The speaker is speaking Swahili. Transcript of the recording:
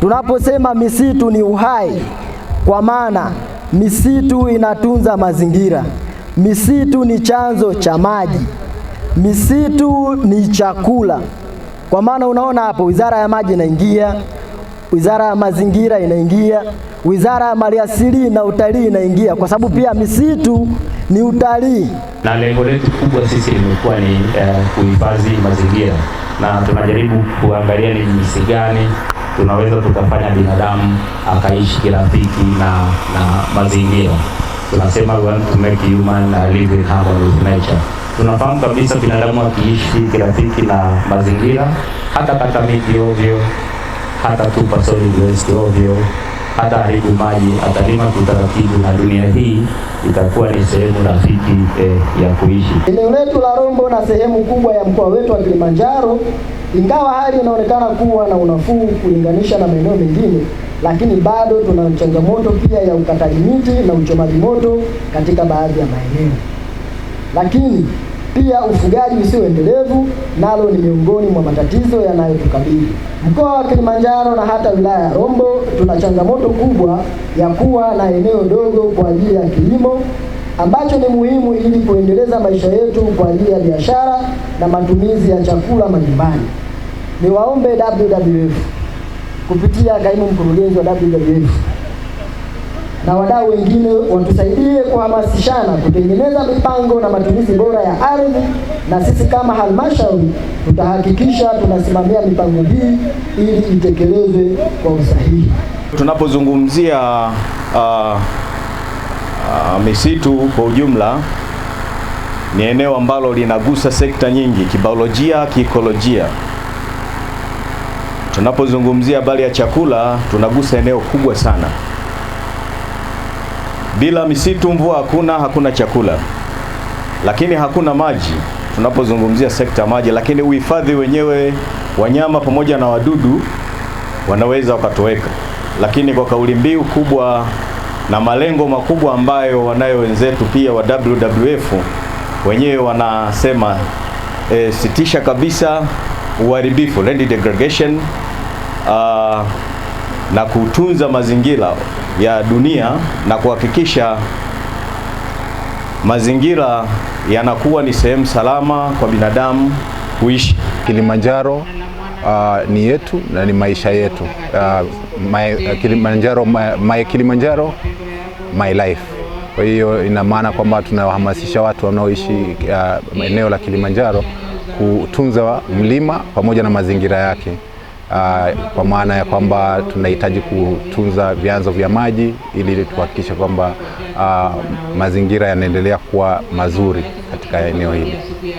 Tunaposema misitu ni uhai, kwa maana misitu inatunza mazingira, misitu ni chanzo cha maji, misitu ni chakula. Kwa maana unaona hapo, wizara ya maji inaingia, wizara ya mazingira inaingia, wizara ya maliasili na utalii inaingia, kwa sababu pia misitu ni utalii, na lengo letu kubwa sisi limekuwa ni uh, kuhifadhi mazingira na tunajaribu kuangalia ni jinsi gani tunaweza tukafanya binadamu akaishi kirafiki na, na mazingira. Tunasema we want to make human live in harmony with nature. Tunafahamu kabisa binadamu akiishi kirafiki na mazingira, hata kata miti ovyo, hata tupa solid waste ovyo hata haribu maji, atalima kiutaratibu na dunia hii itakuwa ni sehemu rafiki eh, ya kuishi. Eneo letu la Rombo na sehemu kubwa ya mkoa wetu wa Kilimanjaro, ingawa hali inaonekana kuwa na unafuu kulinganisha na maeneo mengine, lakini bado tuna changamoto pia ya ukataji miti na uchomaji moto katika baadhi ya maeneo, lakini pia ufugaji usio endelevu nalo ni miongoni mwa matatizo yanayotukabili mkoa wa Kilimanjaro na hata wilaya ya Rombo. Tuna changamoto kubwa ya kuwa na eneo dogo kwa ajili ya kilimo ambacho ni muhimu ili kuendeleza maisha yetu kwa ajili ya biashara na matumizi ya chakula majumbani. Niwaombe WWF kupitia kaimu mkurugenzi wa WWF na wadau wengine watusaidie kuhamasishana kutengeneza mipango na matumizi bora ya ardhi, na sisi kama halmashauri tutahakikisha tunasimamia mipango hii ili itekelezwe kwa usahihi. Tunapozungumzia uh, uh, misitu kwa ujumla, ni eneo ambalo linagusa sekta nyingi, kibiolojia, kiikolojia. Tunapozungumzia habari ya chakula, tunagusa eneo kubwa sana. Bila misitu mvua hakuna, hakuna chakula, lakini hakuna maji tunapozungumzia sekta maji. Lakini uhifadhi wenyewe, wanyama pamoja na wadudu wanaweza wakatoweka, lakini kwa kauli mbiu kubwa na malengo makubwa ambayo wanayo wenzetu pia wa WWF wenyewe wanasema e, sitisha kabisa uharibifu land degradation uh, na kutunza mazingira ya dunia na kuhakikisha mazingira yanakuwa ni sehemu salama kwa binadamu kuishi. Kilimanjaro uh, ni yetu na ni maisha yetu. Uh, my, ah, Kilimanjaro, my, my Kilimanjaro my life. Kwa hiyo ina maana kwamba tunawahamasisha watu wanaoishi uh, eneo la Kilimanjaro kutunza mlima pamoja na mazingira yake uh, kwa maana ya kwamba tunahitaji kutunza vyanzo vya maji ili tuhakikishe kwamba uh, mazingira yanaendelea kuwa mazuri katika eneo hili.